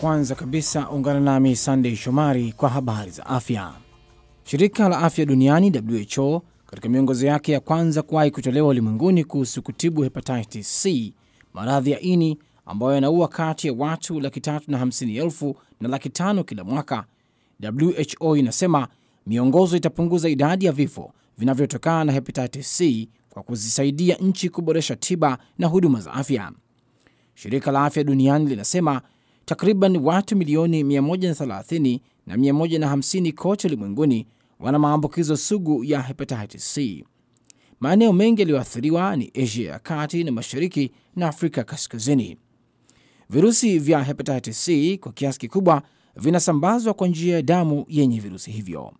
Kwanza kabisa ungana nami Sandey Shomari kwa habari za afya. Shirika la afya duniani WHO katika miongozo yake ya kwanza kuwahi kutolewa ulimwenguni kuhusu kutibu hepatitis C, maradhi ya ini ambayo yanaua kati ya watu laki tatu na hamsini elfu na laki tano kila mwaka. WHO inasema miongozo itapunguza idadi ya vifo vinavyotokana na hepatitis C kwa kuzisaidia nchi kuboresha tiba na huduma za afya. Shirika la afya duniani linasema takriban watu milioni 130 na 150 kote ulimwenguni wana maambukizo sugu ya hepatitis C. Maeneo mengi yaliyoathiriwa ni Asia ya kati na mashariki na Afrika kaskazini. Virusi vya hepatitis C kwa kiasi kikubwa vinasambazwa kwa njia ya damu yenye virusi hivyo.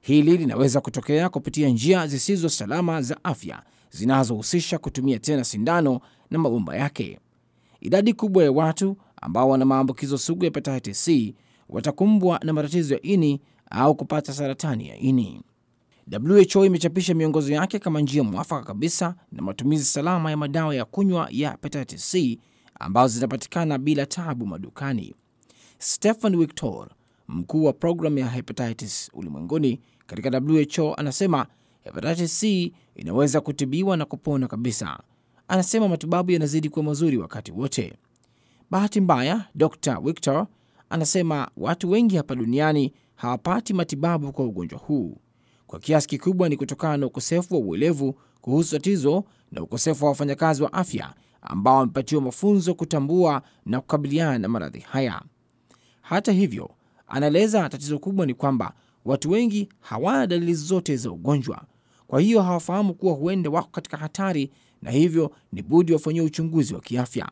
Hili linaweza kutokea kupitia njia zisizo salama za afya zinazohusisha kutumia tena sindano na mabomba yake. Idadi kubwa ya watu ambao wana maambukizo sugu ya hepatitis C watakumbwa na matatizo ya ini au kupata saratani ya ini. WHO imechapisha miongozo yake kama njia mwafaka kabisa na matumizi salama ya madawa ya kunywa ya hepatitis C ambazo zinapatikana bila tabu madukani. Stephen Victor, mkuu wa programu ya hepatitis ulimwenguni katika WHO, anasema hepatitis C inaweza kutibiwa na kupona kabisa. Anasema matibabu yanazidi kuwa mazuri wakati wote. Bahati mbaya, Dr Victor anasema watu wengi hapa duniani hawapati matibabu kwa ugonjwa huu. Kwa kiasi kikubwa ni kutokana na ukosefu wa uelevu kuhusu tatizo na ukosefu wa wafanyakazi wa afya ambao wamepatiwa mafunzo kutambua na kukabiliana na maradhi haya. Hata hivyo, anaeleza tatizo kubwa ni kwamba watu wengi hawana dalili zote za ugonjwa, kwa hiyo hawafahamu kuwa huenda wako katika hatari, na hivyo ni budi wafanyiwe uchunguzi wa kiafya.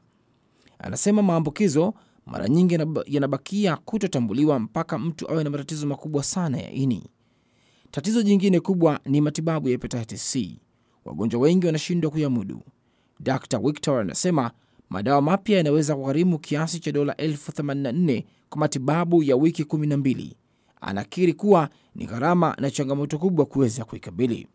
Anasema maambukizo mara nyingi yanabakia kutotambuliwa mpaka mtu awe na matatizo makubwa sana ya ini. Tatizo jingine kubwa ni matibabu ya hepatitis C. Wagonjwa wengi wanashindwa kuyamudu. Dr Victor anasema madawa mapya yanaweza kugharimu kiasi cha dola elfu 84 kwa matibabu ya wiki 12. Anakiri kuwa ni gharama na changamoto kubwa kuweza kuikabili.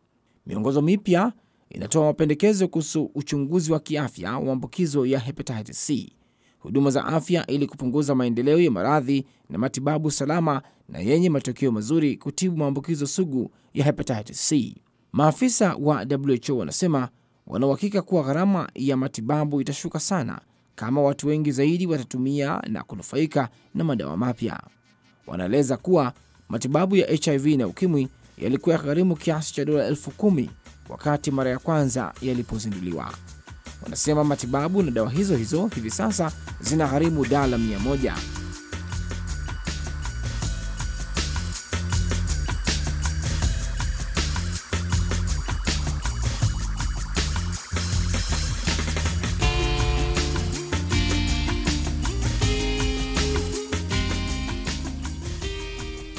Miongozo mipya inatoa mapendekezo kuhusu uchunguzi wa kiafya wa maambukizo ya hepatitis C, huduma za afya ili kupunguza maendeleo ya maradhi na matibabu salama na yenye matokeo mazuri kutibu maambukizo sugu ya hepatitis C. Maafisa wa WHO wanasema wanauhakika kuwa gharama ya matibabu itashuka sana kama watu wengi zaidi watatumia na kunufaika na madawa mapya. Wanaeleza kuwa matibabu ya HIV na ukimwi yalikuwa gharimu kiasi cha dola elfu kumi wakati mara ya kwanza yalipozinduliwa. Wanasema matibabu na dawa hizo hizo hivi sasa zinagharimu dala mia moja.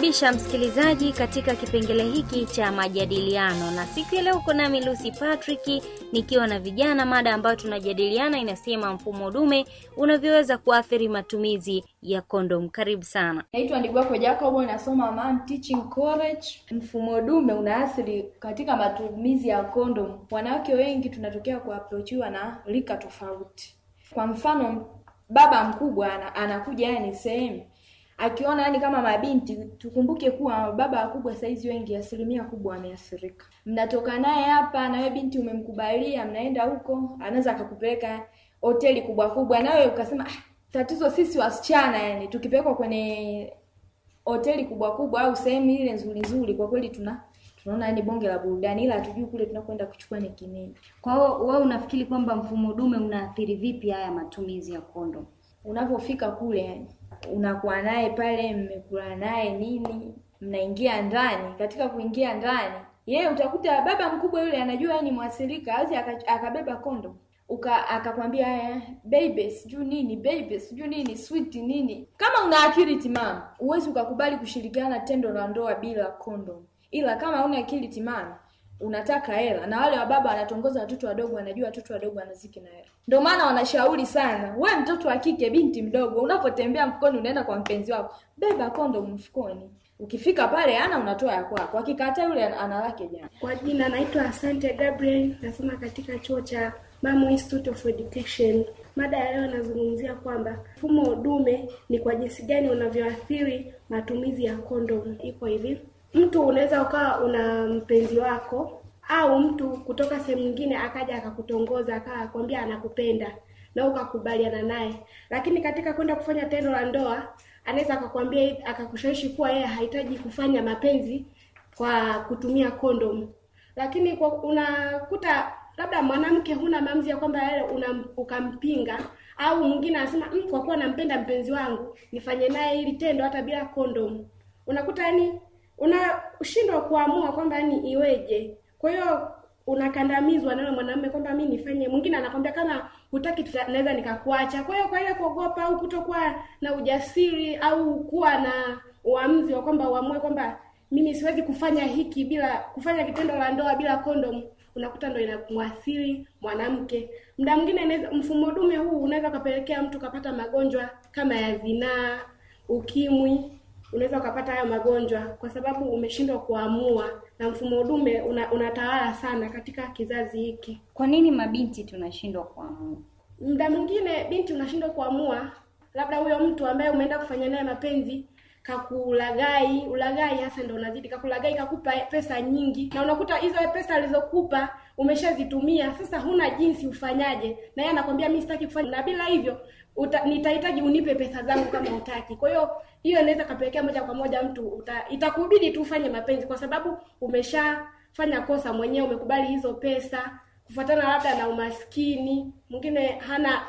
kukaribisha msikilizaji katika kipengele hiki cha majadiliano, na siku ya leo uko nami Lucy Patrick nikiwa na vijana. Mada ambayo tunajadiliana inasema mfumo dume unavyoweza kuathiri matumizi ya kondom. Karibu sana. Naitwa Ndigwako Jacobo, nasoma Mam Teaching College. Mfumo dume unaathiri katika matumizi ya kondom. Wanawake wengi tunatokea kuaprochiwa na rika tofauti. Kwa mfano, baba mkubwa anakuja, yani sehemu akiona yani kama mabinti tukumbuke kuwa baba wakubwa saizi wengi asilimia kubwa wameathirika. Mnatoka naye hapa na wewe binti umemkubalia, mnaenda huko, anaweza akakupeleka hoteli kubwa kubwa, nawe ukasema ah, tatizo sisi wasichana yani tukipelekwa kwenye hoteli kubwa kubwa au sehemu ile nzuri nzuri, kwa kweli tuna tunaona yani bonge la burudani, ila hatujui kule tunakwenda kuchukua ni kinini. Kwa hiyo wewe unafikiri kwamba mfumo dume unaathiri vipi haya matumizi ya kondo unavyofika kule yani? unakuwa naye pale, mmekula naye nini, mnaingia ndani. Katika kuingia ndani, yeye utakuta baba mkubwa yule anajua ni mwasilika, azi akabeba kondo uka akakwambia haya eh, baby, sijui nini baby, sijui nini sweet nini. Kama una akili timamu, huwezi ukakubali kushirikiana tendo la ndoa bila kondom, ila kama una akili timamu unataka hela na wale wababa wanatongoza watoto wadogo, wanajua watoto wadogo wanaziki na hela. Ndio maana wanashauri sana, we mtoto wa kike, binti mdogo, unapotembea mfukoni, unaenda kwa mpenzi wako, beba kondo mfukoni. Ukifika pale ana unatoa ya kwako, akikataa yule analake jana. Kwa jina naitwa Asante Gabriel, nasoma katika chuo cha Mamu Institute of Education. Mada ya leo nazungumzia kwamba mfumo dume ni kwa jinsi gani unavyoathiri matumizi ya kondomu. Iko hivi: mtu unaweza ukawa una mpenzi wako au mtu kutoka sehemu nyingine akaja akakutongoza akakwambia anakupenda na ukakubaliana naye, lakini katika kwenda kufanya tendo la ndoa anaweza akakwambia, akakushawishi kuwa yeye hahitaji kufanya mapenzi kwa kutumia kondom, lakini kwa unakuta labda mwanamke huna maamuzi ya kwamba yale ukampinga, au mwingine anasema mm, kwa kuwa nampenda mpenzi wangu nifanye naye ili tendo hata bila kondomu. Unakuta yani unashindwa kuamua kwamba ni iweje. Kwa hiyo unakandamizwa na mwanamume kwamba mi nifanye. Mwingine anakwambia kama hutaki, naweza nikakuacha. Kwa hiyo kwa ile kuogopa au kutokuwa na ujasiri au kuwa na uamzi wa kwamba uamue kwamba mimi siwezi kufanya hiki bila kufanya kitendo la ndoa bila kondom unakuta ndo inamwathiri mwanamke. Mda mwingine mfumo dume huu unaweza ukapelekea mtu kapata magonjwa kama ya zinaa, ukimwi unaweza ukapata hayo magonjwa kwa sababu umeshindwa kuamua na mfumo dume una, unatawala sana katika kizazi hiki. Kwa nini mabinti tunashindwa kuamua? Muda mwingine binti unashindwa kuamua, labda huyo mtu ambaye umeenda kufanya naye mapenzi kakulagai, ulagai hasa ndo unazidi, kakulagai kakupa pesa nyingi, na unakuta hizo pesa alizokupa umeshazitumia sasa, huna jinsi ufanyaje, na yeye anakwambia mimi sitaki kufanya, na bila hivyo uta, nitahitaji unipe pesa zangu kama utaki. Kwa hiyo hiyo inaweza kapelekea moja kwa moja mtu uta, itakubidi tu ufanye mapenzi, kwa sababu umeshafanya kosa mwenyewe, umekubali hizo pesa kufuatana labda na umaskini. Mwingine hana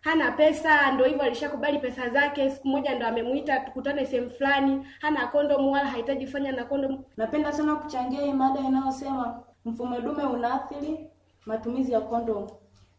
hana pesa, ndo hivyo alishakubali pesa zake. Siku moja ndo amemuita tukutane sehemu fulani, hana kondomu wala hahitaji kufanya na kondomu. Napenda sana kuchangia hii mada inayosema Mfumo dume unaathiri matumizi ya kondomu.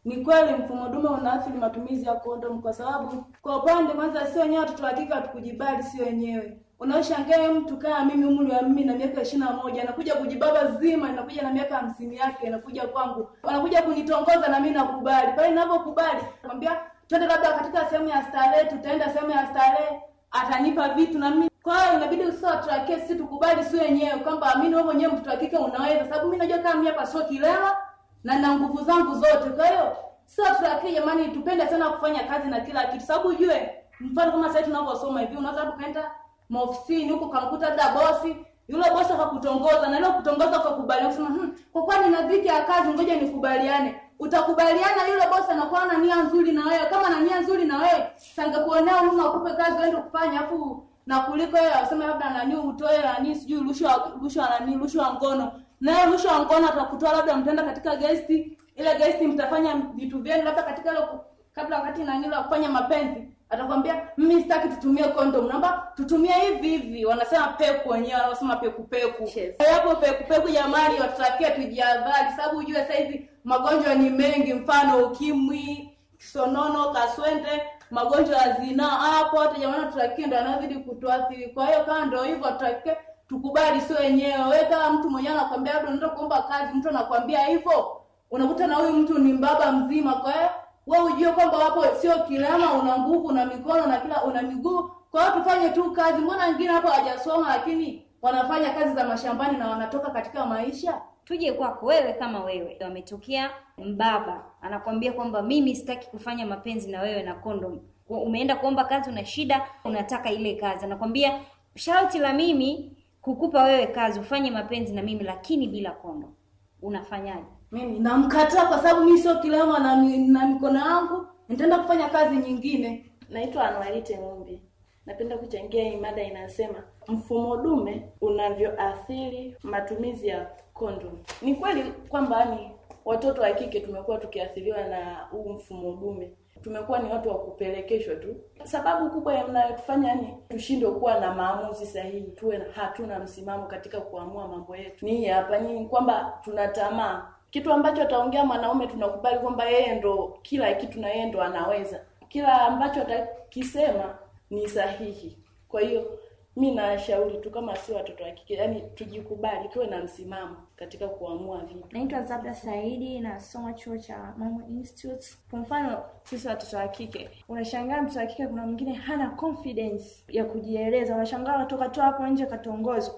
Ni kweli mfumo dume unaathiri matumizi ya kondomu, kwa sababu kwa upande kwanza, sio wenyewe watoto wa kike sio wenyewe Unaoshangaa mtu kama mimi umri wa mimi na miaka ishirini na moja anakuja kujibaba zima, inakuja na miaka hamsini yake inakuja kwangu, anakuja kunitongoza na mimi nakubali. Pale ninapokubali nakwambia, twende labda katika sehemu ya starehe, tutaenda sehemu ya starehe, atanipa vitu na mimi kwa hiyo inabidi usio usiwatrakie, sisi tukubali, sio wenyewe kwamba amini wewe mwenyewe mtoto hakika unaweza, sababu mimi najua kama mimi hapa sio kilewa na na nguvu zangu zote. Kwa hiyo sio siwatrakie jamani, tupende sana kufanya kazi na kila kitu, sababu ujue mfano kama sasa tunavyosoma hivi, unaweza ukaenda maofisini huko kamkuta labda bosi yule bosi akakutongoza na leo kutongoza kwa kubali unasema hmm, kwa kwani na dhiki ya kazi, ngoja nikubaliane. Utakubaliana, yule bosi anakuwa na nia nzuri na wewe. Kama na nia nzuri na wewe, sangekuonea huruma, akupe kazi wewe ndio kufanya afu na kuliko yeye asema labda nani utoe nani sijui rushwa rushwa nani rushwa ngono yeye rushwa ngono atakutoa labda mtenda katika guest ile guest mtafanya vitu vyenu labda katika ile kabla wakati nani la kufanya mapenzi atakwambia mimi sitaki tutumie condom naomba tutumie hivi hivi wanasema peku wenyewe wanasema peku peku yes. hapo peku peku jamani watutakia tujihadhari sababu ujue saizi magonjwa ni mengi mfano ukimwi kisonono kaswende magonjwa ya zinaa hapo, hata jamani, tutakie ndo anazidi kutuathiri. Kwa hiyo kama ndo hivyo, tutakie tukubali, sio wenyewe. Wewe kama mtu mwenyewe anakwambia labda unaenda kuomba kazi, mtu anakwambia hivyo, unakuta na huyu mtu ni mbaba mzima. Kwa hiyo wewe ujue kwamba wapo sio kilema, una nguvu, una mikono na kila, una miguu. Kwa hiyo tufanye tu kazi. Mbona wengine hapo hawajasoma, lakini wanafanya kazi za mashambani na wanatoka katika maisha Tuje kwako wewe, kama wewe wametokea mbaba anakwambia kwamba mimi sitaki kufanya mapenzi na wewe na kondom, umeenda kuomba kazi, una shida, unataka ile kazi, anakwambia sharti la mimi kukupa wewe kazi ufanye mapenzi na mimi lakini bila kondo unafanyaje? Mimi namkataa kwa sababu mimi sio kilema na, na mikono yangu nitaenda kufanya kazi nyingine. Naitwa Anwarite mumbi Napenda kuchangia hii mada inasema mfumo dume unavyoathiri matumizi ya kondom. Ni kweli kwamba ni watoto wa kike tumekuwa tukiathiriwa na huu mfumo dume, tumekuwa ni watu wa kupelekeshwa tu. Sababu kubwa inayotufanya ni tushindwe kuwa na maamuzi sahihi, tuwe hatuna msimamo katika kuamua mambo yetu, ni hapa ni kwamba tuna tamaa, kitu ambacho ataongea mwanaume tunakubali kwamba yeye ndo kila kitu na yeye ndo anaweza, kila ambacho atakisema ni sahihi. Kwa hiyo mi nashauri tu kama si watoto wa kike, yani tujikubali, tuwe na msimamo katika kuamua vitu. Naitwa Zabda Saidi, nasoma chuo cha Mama Institute. Kwa mfano sisi watoto wa kike, unashangaa mtoto wa kike, kuna mwingine hana confidence ya kujieleza, unashangaa watoka tu hapo nje katongozwa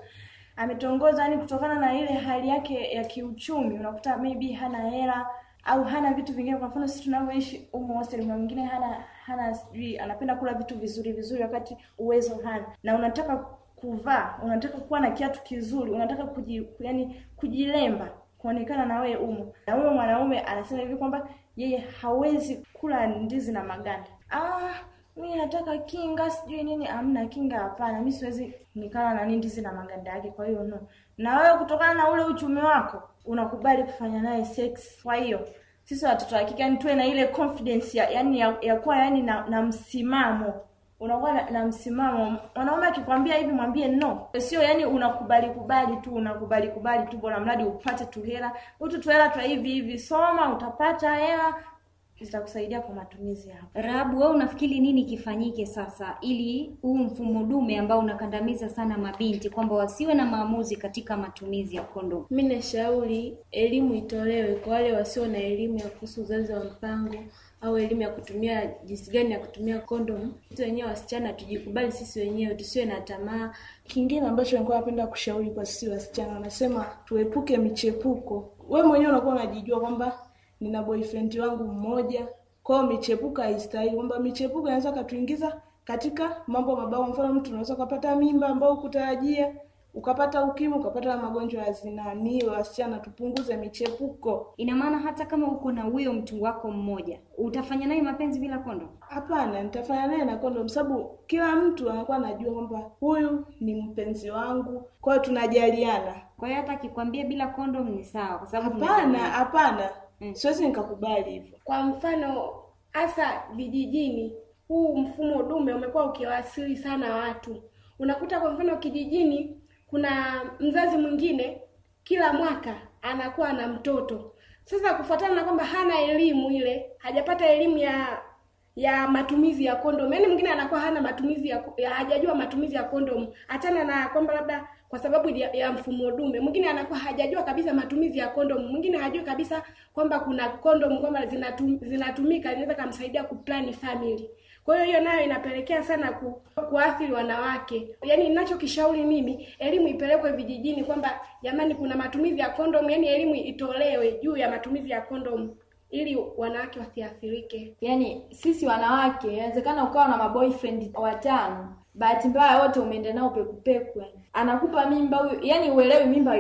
ametongozwa yani, kutokana na ile hali yake ya kiuchumi, unakuta maybe hana hela au hana vitu vingine. Kwa mfano sisi tunavyoishi humo hostel, mwingine hana hana sijui anapenda kula vitu vizuri vizuri wakati uwezo hana na unataka kuvaa unataka kuwa na kiatu kizuri unataka kuji, yani kujilemba kuonekana na wewe umo na huyo mwanaume anasema hivi kwamba yeye hawezi kula ndizi na maganda ah mi nataka kinga sijui nini amna kinga hapana mi siwezi nikala na ndizi na maganda yake kwa hiyo no na wewe kutokana na ule uchumi wako unakubali kufanya naye sex kwa hiyo sisi watoto wa kike yani tuwe na ile confidence ya, yani ya, ya kuwa yani na, na msimamo unakuwa na, na msimamo. Mwanaume akikwambia hivi mwambie no, sio yani unakubali kubali tu unakubali kubali tu, bora mradi upate tuhela utu Hutu tu tu hivi hivi, soma utapata hela, zitakusaidia kwa matumizi yako. Rabu, wewe unafikiri nini kifanyike sasa ili huu mfumo dume ambao unakandamiza sana mabinti kwamba wasiwe na maamuzi katika matumizi ya kondomu? Mimi nashauri elimu itolewe kwa wale wasio na elimu ya kuhusu uzazi wa mpango au elimu ya kutumia jinsi gani ya kutumia kondomu. Sisi wenyewe wasichana tujikubali sisi wenyewe, tusiwe na tamaa. Kingine ambacho nilikuwa napenda kushauri kwa sisi wasichana, wanasema tuepuke michepuko. Wewe mwenyewe unakuwa unajijua kwamba nina boyfriend wangu mmoja. Kwa hiyo michepuko haistahili, kwamba michepuko inaweza katuingiza katika mambo mabao Mfano, mtu unaweza ukapata mimba ambayo ukutarajia, ukapata ukimu ukapata magonjwa ya zinani wasichana, tupunguze michepuko. Ina maana hata kama uko na huyo mtu wako mmoja, utafanya naye mapenzi bila kondo? Hapana, nitafanya naye na kondo, sababu kila mtu anakuwa anajua kwamba huyu ni mpenzi wangu, kwa hiyo tunajaliana. Kwa hiyo hata akikwambia bila kondo ni sawa, kwa sababu hapana, hapana mm. Siwezi nikakubali hivyo. Kwa mfano hasa vijijini, huu mfumo dume umekuwa ukiwaasiri sana watu. Unakuta kwa mfano kijijini kuna mzazi mwingine kila mwaka anakuwa na mtoto sasa, kufuatana na kwamba hana elimu ile, hajapata elimu ya ya matumizi ya kondomu. Yaani mwingine anakuwa hana matumizi ya, ya hajajua matumizi ya kondomu, achana na kwamba labda kwa sababu ya, ya mfumo dume. Mwingine anakuwa hajajua kabisa matumizi ya kondomu, mwingine hajui kabisa kwamba kuna kondomu kwamba zinatum, zinatumika inaweza kumsaidia kuplani family. Kwa hiyo hiyo nayo inapelekea sana ku, kuathiri wanawake. Yaani ninachokishauri mimi, elimu ipelekwe vijijini kwamba jamani, kuna matumizi ya kondomu, yaani elimu itolewe juu ya matumizi ya kondomu ili wanawake wasiathirike. Yaani sisi wanawake, inawezekana ukawa na maboyfriend watano bahati mbaya wote umeenda nao pekupeku, yani anakupa mimba huyu, yani uelewi mimba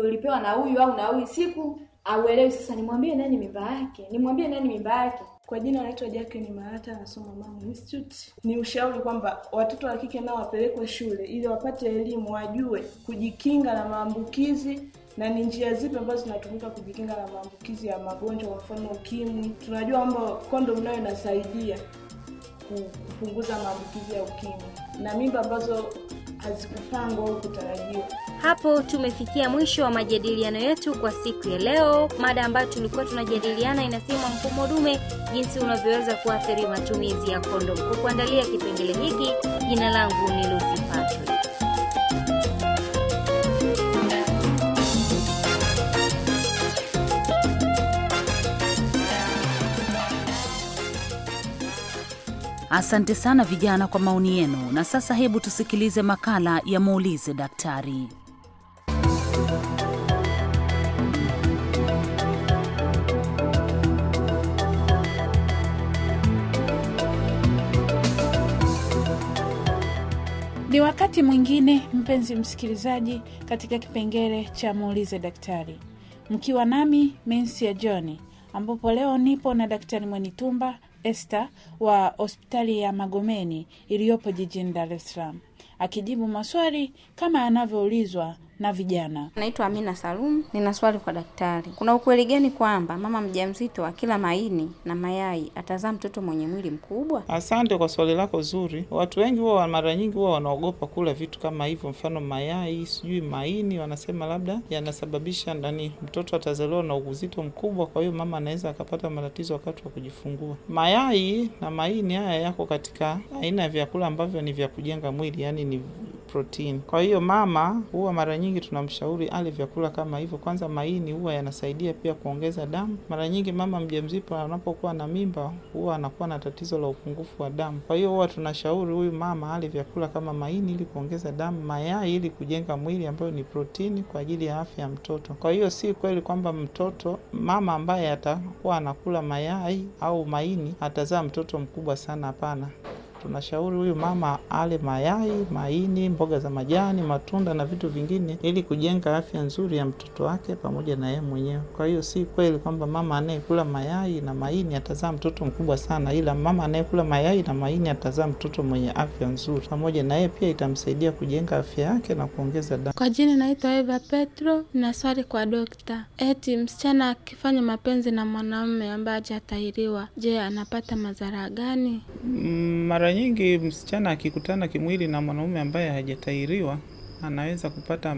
ulipewa na huyu au na huyu siku auelewi. Sasa nimwambie nani mimba yake? Nimwambie nani mimba yake? Kwa jina anaitwa ni Malata, anasoma Mama Institute. Ni ushauri kwamba watoto wa kike nao wapelekwe shule ili wapate elimu, wajue kujikinga na maambukizi na ni njia zipi ambazo zinatumika kujikinga na maambukizi ya magonjwa, kwa mfano UKIMWI. Tunajua kwamba kondomu nayo inasaidia kupunguza maambukizi ya UKIMWI na mimba ambazo hazikupangwa au kutarajiwa. Hapo tumefikia mwisho wa majadiliano yetu kwa siku ya leo. Mada ambayo tulikuwa tunajadiliana inasema mfumo dume, jinsi unavyoweza kuathiri matumizi ya kondomu. kuandalia kipengele hiki, jina langu ni Lucy Asante sana vijana kwa maoni yenu, na sasa hebu tusikilize makala ya muulize daktari. Ni wakati mwingine, mpenzi msikilizaji, katika kipengele cha muulize daktari, mkiwa nami mensia Johni, ambapo leo nipo na Daktari Mwenitumba Esther wa hospitali ya Magomeni iliyopo jijini Dar es Salaam, akijibu maswali kama yanavyoulizwa na vijana. Naitwa Amina Salum, nina swali kwa daktari. Kuna ukweli gani kwamba mama mjamzito akila maini na mayai atazaa mtoto mwenye mwili mkubwa? Asante kwa swali lako zuri. Watu wengi huwa mara nyingi huwa wanaogopa kula vitu kama hivyo, mfano mayai, sijui maini, wanasema labda yanasababisha nani, mtoto atazaliwa na uzito mkubwa, kwa hiyo mama anaweza akapata matatizo wakati wa kujifungua. Mayai na maini haya yako katika aina ya vyakula ambavyo ni vya kujenga mwili, yani ni protini. Kwa hiyo mama huwa mara nyingi tunamshauri ale vyakula kama hivyo. Kwanza maini huwa yanasaidia pia kuongeza damu. Mara nyingi mama mjamzito anapokuwa na mimba huwa anakuwa na tatizo la upungufu wa damu, kwa hiyo huwa tunashauri huyu mama ale vyakula kama maini ili kuongeza damu, mayai ili kujenga mwili, ambayo ni protini kwa ajili ya afya ya mtoto. Kwa hiyo si kweli kwamba mtoto mama ambaye atakuwa anakula mayai au maini atazaa mtoto mkubwa sana, hapana tunashauri huyu mama ale mayai, maini, mboga za majani, matunda na vitu vingine, ili kujenga afya nzuri ya mtoto wake pamoja na yeye mwenyewe. Kwa hiyo si kweli kwamba mama anayekula mayai na maini atazaa mtoto mkubwa sana, ila mama anayekula mayai na maini atazaa mtoto mwenye afya nzuri, pamoja na yeye pia itamsaidia kujenga afya yake na kuongeza damu. Kwa jina naitwa Eva Petro na swali kwa dokta, eti msichana akifanya mapenzi na mwanaume ambaye hajatahiriwa, je, anapata madhara gani? Mm, mara nyingi msichana akikutana kimwili na mwanaume ambaye hajatahiriwa anaweza kupata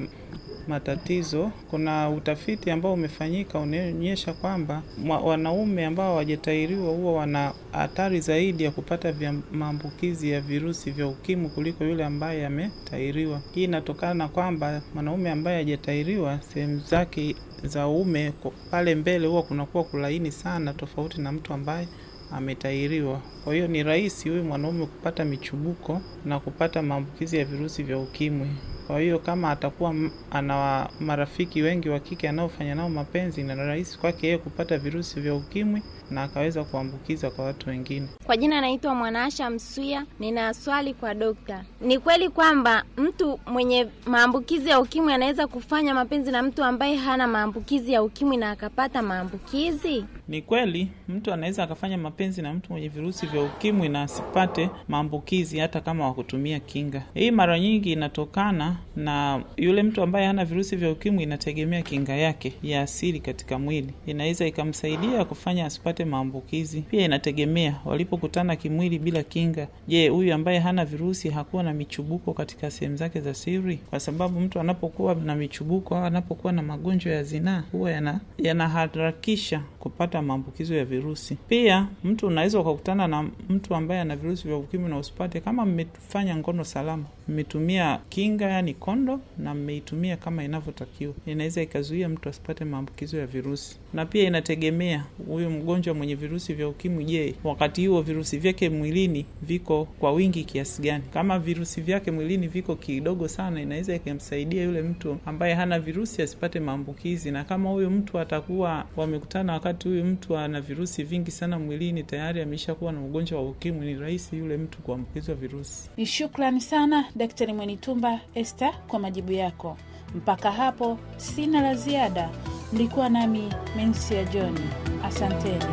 matatizo. Kuna utafiti ambao umefanyika unaonyesha kwamba wanaume ambao hawajatahiriwa huwa wana hatari zaidi ya kupata vya maambukizi ya virusi vya ukimwi kuliko yule ambaye ametahiriwa. Hii inatokana na kwamba mwanaume ambaye hajatahiriwa sehemu zake za uume pale mbele huwa kunakuwa kulaini sana, tofauti na mtu ambaye ametairiwa. Kwa hiyo ni rahisi huyu mwanaume kupata michubuko na kupata maambukizi ya virusi vya ukimwi. Kwa hiyo kama atakuwa ana marafiki wengi wa kike anaofanya nao mapenzi, na rahisi kwake yeye kupata virusi vya ukimwi na akaweza kuambukiza kwa watu wengine. Kwa jina naitwa Mwanaasha Msuya, nina swali kwa dokta. Ni kweli kwamba mtu mwenye maambukizi ya ukimwi anaweza kufanya mapenzi na mtu ambaye hana maambukizi ya ukimwi na akapata maambukizi? Ni kweli mtu anaweza akafanya mapenzi na mtu mwenye virusi vya ukimwi na asipate maambukizi hata kama wakutumia kinga. Hii mara nyingi inatokana na yule mtu ambaye hana virusi vya ukimwi, inategemea kinga yake ya asili katika mwili, inaweza ikamsaidia kufanya asipate wasipate maambukizi. Pia inategemea walipokutana kimwili bila kinga. Je, huyu ambaye hana virusi hakuwa na michubuko katika sehemu zake za siri? Kwa sababu mtu anapokuwa na michubuko au anapokuwa na magonjwa ya zinaa huwa yana, yanaharakisha kupata maambukizo ya virusi. Pia mtu unaweza ukakutana na mtu ambaye ana virusi vya ukimwi na usipate, kama mmefanya ngono salama mmetumia kinga, yani kondo, na mmeitumia kama inavyotakiwa, inaweza ikazuia mtu asipate maambukizo ya virusi. Na pia inategemea huyu mgonjwa mwenye virusi vya ukimwi, je, wakati huo virusi vyake mwilini viko kwa wingi kiasi gani? Kama virusi vyake mwilini viko kidogo sana, inaweza ikamsaidia yule mtu ambaye hana virusi asipate maambukizi. Na kama huyu mtu atakuwa wamekutana wakati huyu mtu ana virusi vingi sana mwilini, tayari ameshakuwa na ugonjwa wa ukimwi, ni rahisi yule mtu kuambukizwa virusi. ni Shukrani sana Daktari Mwenitumba este kwa majibu yako. Mpaka hapo sina la ziada. Mlikuwa nami Mensia johni asanteni.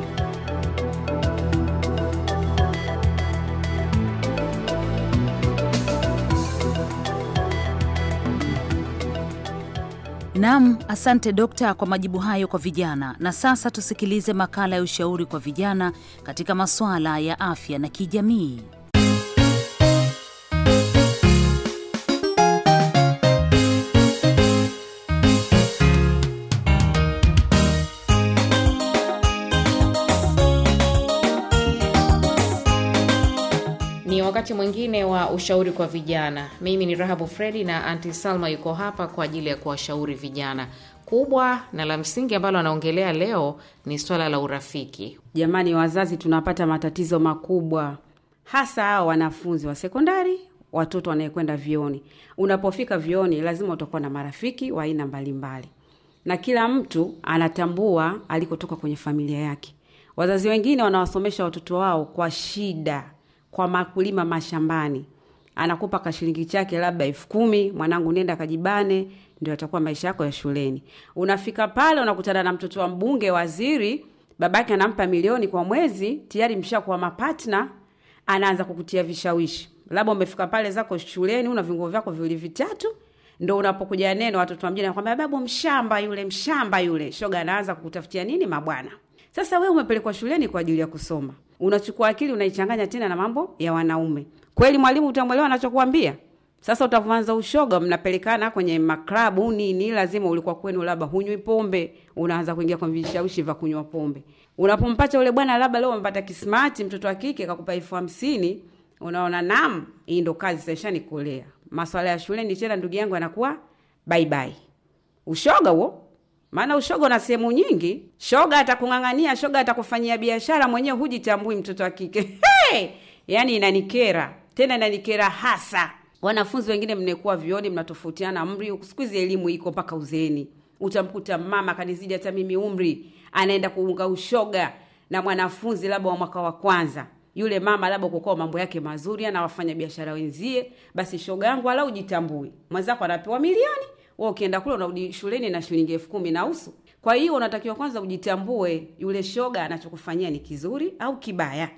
Nam, asante dokta kwa majibu hayo kwa vijana. Na sasa tusikilize makala ya ushauri kwa vijana katika masuala ya afya na kijamii. wakati mwingine wa ushauri kwa vijana. Mimi ni Rahabu Fredi na Anti Salma yuko hapa kwa ajili ya kuwashauri vijana. Kubwa na la msingi ambalo anaongelea leo ni swala la urafiki. Jamani wazazi, tunapata matatizo makubwa, hasa hao wanafunzi wa sekondari, watoto wanayekwenda vioni. Unapofika vioni, lazima utakuwa na marafiki wa aina mbalimbali, na kila mtu anatambua alikotoka kwenye familia yake. Wazazi wengine wanawasomesha watoto wao kwa shida kwa makulima mashambani anakupa kashilingi chake labda elfu kumi mwanangu nenda kajibane ndio atakuwa maisha yako ya shuleni unafika pale unakutana na mtoto wa mbunge waziri babake anampa milioni kwa mwezi tayari mshakuwa mapatna anaanza kukutia vishawishi labda umefika pale zako shuleni una viungo vyako viwili vitatu ndo unapokuja neno watoto wamjini nakwambia babu mshamba yule mshamba yule shoga anaanza kukutafutia nini mabwana sasa wee umepelekwa shuleni kwa ajili ya kusoma unachukua akili unaichanganya tena na mambo ya wanaume. Kweli mwalimu utamwelewa anachokuambia? Sasa utaanza ushoga, mnapelekana kwenye maklabu nini, lazima ulikuwa kwenu, labda hunywi pombe, unaanza kuingia kwenye vishawishi vya kunywa pombe. Unapompata yule bwana, labda leo umepata kismati, mtoto wa kike akakupa elfu hamsini unaona nam, hii ndo kazi sasa, ni kulea. Maswala ya shule ni tena, ndugu yangu, anakuwa bye bye. ushoga huo maana ushoga na sehemu nyingi. Shoga atakung'ang'ania, shoga atakufanyia biashara, mwenyewe hujitambui mtoto wa kike hey! Yaani inanikera tena, inanikera hasa. Wanafunzi wengine mnekuwa vioni, mnatofautiana umri. Siku hizi elimu iko mpaka uzeni utamkuta mama kanizidi hata mimi umri, anaenda kuunga ushoga na mwanafunzi labda wa mwaka wa kwanza yule mama labda kukoa mambo yake mazuri, anawafanya biashara wenzie, basi shoga yangu wala ujitambui, mwenzako anapewa milioni wa ukienda kule unarudi shuleni na shilingi elfu kumi na usu. Kwa hiyo unatakiwa kwanza ujitambue yule shoga anachokufanyia ni kizuri au kibaya.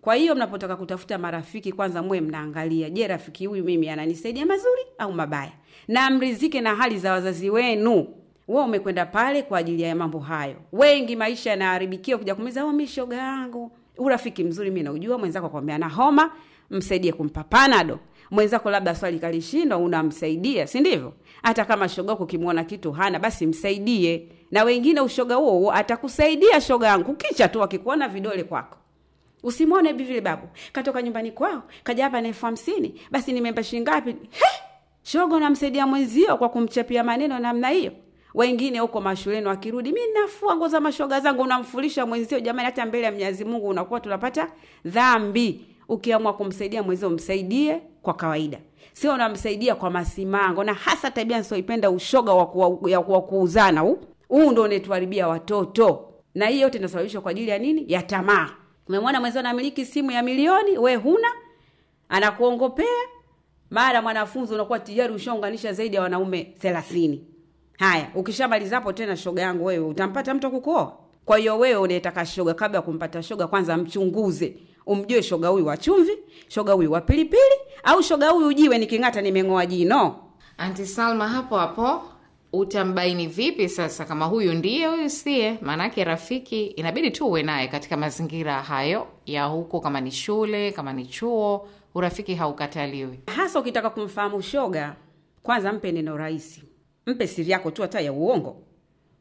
Kwa hiyo mnapotaka kutafuta marafiki, kwanza mwe mnaangalia, je, rafiki huyu mimi ananisaidia mazuri au mabaya, na mrizike na hali za wazazi wenu. Wewe umekwenda pale kwa ajili ya mambo hayo. Wengi maisha yanaharibikia kuja kumeza, oh, mi shoga yangu urafiki mzuri mi naujua, mwenzako akwambia na homa, msaidie kumpa panado mwenzako labda swali kalishindwa, unamsaidia, sindivyo Hata kama shoga wako ukimwona kitu hana, basi msaidie. Na wengine ushoga huo huo atakusaidia shoga yangu, kicha tu akikuona vidole kwako usimwone bivile babu katoka nyumbani kwao kaja hapa na elfu hamsini, basi nimemba shilingi ngapi? Shoga unamsaidia mwenzio kwa kumchapia maneno namna hiyo. Wengine huko mashuleni wakirudi, mi nafua nguo za mashoga zangu, unamfulisha mwenzio. Jamani, hata mbele ya Mwenyezi Mungu unakuwa tunapata dhambi ukiamua kumsaidia mwezi umsaidie kwa kawaida, sio unamsaidia kwa masimango, na hasa tabia nisioipenda ushoga wa kuuzana. Huu huu ndo unetuharibia watoto, na hii yote inasababishwa kwa ajili ya nini? Ya tamaa. Umemwona mwenzio anamiliki simu ya milioni, we huna, anakuongopea. Mara mwanafunzi unakuwa tayari ushaunganisha zaidi ya wanaume thelathini. Haya, ukishamalizapo tena, shoga yangu, wewe utampata mtu kukuoa. Kwa hiyo wewe unayetaka shoga, kabla ya kumpata shoga, kwanza mchunguze umjue shoga huyu wa chumvi, shoga huyu wa pilipili, au shoga huyu jiwe niking'ata nimeng'oa jino. Anti Salma, hapo hapo utambaini vipi sasa kama huyu ndiye huyu sie Maanake rafiki inabidi tu uwe naye katika mazingira hayo ya huko, kama ni shule, kama ni chuo, urafiki haukataliwi. Hasa ukitaka kumfahamu shoga, kwanza mpe neno rahisi, mpe siri yako tu, hata ya uongo.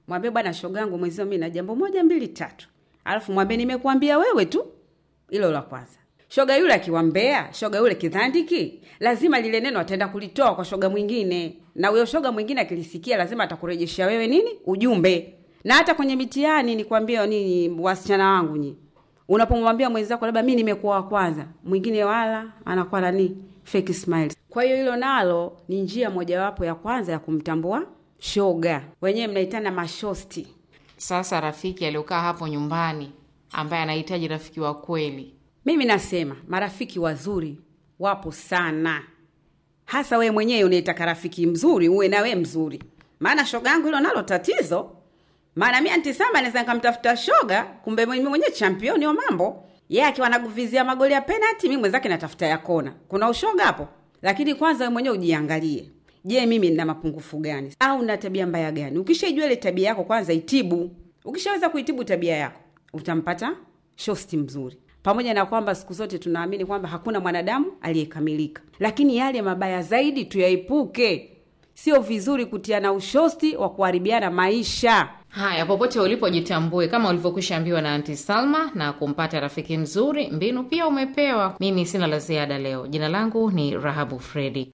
Mwambie bwana, shogangu mwezio, mi na jambo moja mbili tatu, alafu mwambie nimekuambia wewe tu ilo la kwanza. Shoga yule akiwambea, shoga yule kidhandiki, lazima lile neno ataenda kulitoa kwa shoga mwingine, na huyo shoga mwingine akilisikia, lazima atakurejeshea wewe nini ujumbe. Na hata kwenye mitihani nikwambia nini, wasichana wangu nyi, unapomwambia mwenzako labda mi nimekuwa wa kwanza, mwingine wala anakuwa nani fake smiles. Kwa hiyo hilo nalo ni njia mojawapo ya kwanza ya kumtambua shoga, wenyewe mnaitana mashosti. Sasa rafiki aliokaa hapo nyumbani ambaye anahitaji rafiki wa kweli. Mimi nasema marafiki wazuri wapo sana, hasa wee mwenyewe unaitaka rafiki mzuri, uwe na wewe mzuri. Maana shoga yangu hilo nalo tatizo, maana mi antisama naweza nikamtafuta shoga, kumbe mimi mwenyewe champion wa mambo, ye akiwa anaguvizia magoli ya penati, mi mwenzake natafuta ya kona. Kuna ushoga hapo? Lakini kwanza we mwenyewe ujiangalie. Je, mimi nina mapungufu gani au na tabia mbaya gani? Ukishaijua ile tabia yako kwanza itibu. Ukishaweza kuitibu tabia yako utampata shosti mzuri pamoja na kwamba siku zote tunaamini kwamba hakuna mwanadamu aliyekamilika, lakini yale mabaya zaidi tuyaepuke. Sio vizuri kutiana ushosti wa kuharibiana maisha. Haya, popote ulipo, jitambue kama ulivyokwisha ambiwa na Anti Salma, na kumpata rafiki mzuri, mbinu pia umepewa. Mimi sina la ziada leo. Jina langu ni Rahabu Fredi.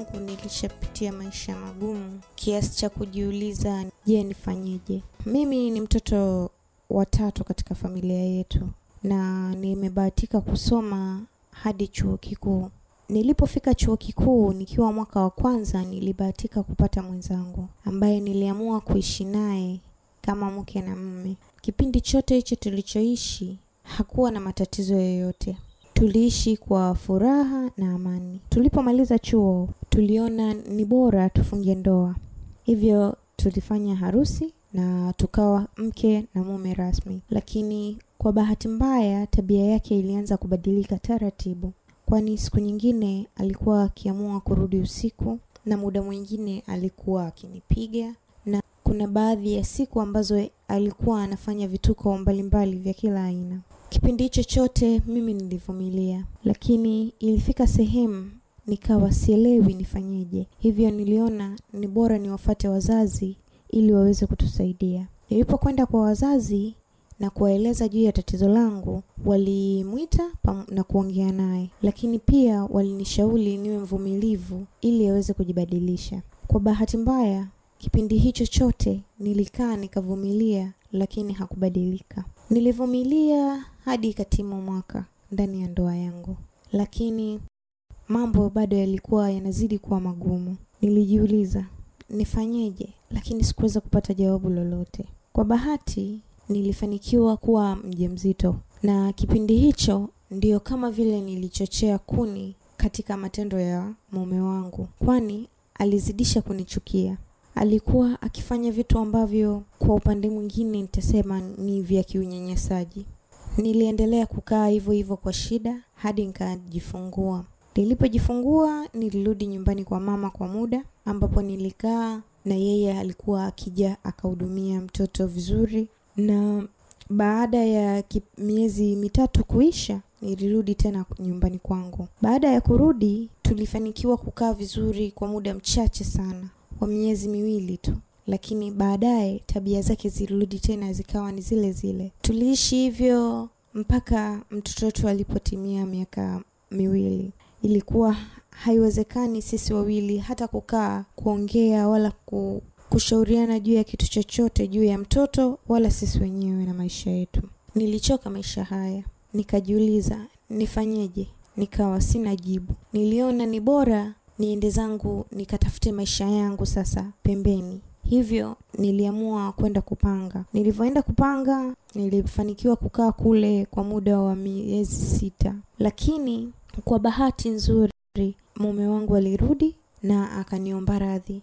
yangu nilishapitia maisha magumu kiasi cha kujiuliza, je, nifanyeje? Mimi ni mtoto wa tatu katika familia yetu na nimebahatika kusoma hadi chuo kikuu. Nilipofika chuo kikuu nikiwa mwaka wa kwanza, nilibahatika kupata mwenzangu ambaye niliamua kuishi naye kama mke na mume. Kipindi chote hicho tulichoishi hakuwa na matatizo yoyote tuliishi kwa furaha na amani. Tulipomaliza chuo, tuliona ni bora tufunge ndoa, hivyo tulifanya harusi na tukawa mke na mume rasmi. Lakini kwa bahati mbaya, tabia yake ilianza kubadilika taratibu, kwani siku nyingine alikuwa akiamua kurudi usiku na muda mwingine alikuwa akinipiga, na kuna baadhi ya siku ambazo alikuwa anafanya vituko mbalimbali vya kila aina. Kipindi hicho chote mimi nilivumilia, lakini ilifika sehemu nikawa sielewi nifanyeje. Hivyo niliona ni bora niwafate wazazi ili waweze kutusaidia. Nilipokwenda kwa wazazi na kuwaeleza juu ya tatizo langu, walimwita na kuongea naye, lakini pia walinishauri niwe mvumilivu ili aweze kujibadilisha. Kwa bahati mbaya, kipindi hicho chote nilikaa nikavumilia, lakini hakubadilika. Nilivumilia hadi ikatimu mwaka ndani ya ndoa yangu, lakini mambo bado yalikuwa yanazidi kuwa magumu. Nilijiuliza nifanyeje, lakini sikuweza kupata jawabu lolote. Kwa bahati nilifanikiwa kuwa mjamzito, na kipindi hicho ndiyo kama vile nilichochea kuni katika matendo ya mume wangu, kwani alizidisha kunichukia. Alikuwa akifanya vitu ambavyo kwa upande mwingine nitasema ni vya kiunyanyasaji. Niliendelea kukaa hivyo hivyo kwa shida hadi nikajifungua. Nilipojifungua nilirudi nyumbani kwa mama kwa muda, ambapo nilikaa na yeye alikuwa akija akahudumia mtoto vizuri, na baada ya miezi mitatu kuisha nilirudi tena nyumbani kwangu. Baada ya kurudi, tulifanikiwa kukaa vizuri kwa muda mchache sana, kwa miezi miwili tu lakini baadaye tabia zake zilirudi tena zikawa ni zile zile. Tuliishi hivyo mpaka mtoto wetu alipotimia miaka miwili. Ilikuwa haiwezekani sisi wawili hata kukaa kuongea wala ku, kushauriana juu ya kitu chochote juu ya mtoto wala sisi wenyewe na maisha yetu. Nilichoka maisha haya, nikajiuliza nifanyeje? Nikawa sina jibu. Niliona ni bora niende zangu nikatafute maisha yangu sasa pembeni, Hivyo niliamua kwenda kupanga. Nilivyoenda kupanga, nilifanikiwa kukaa kule kwa muda wa miezi sita, lakini kwa bahati nzuri mume wangu alirudi na akaniomba radhi.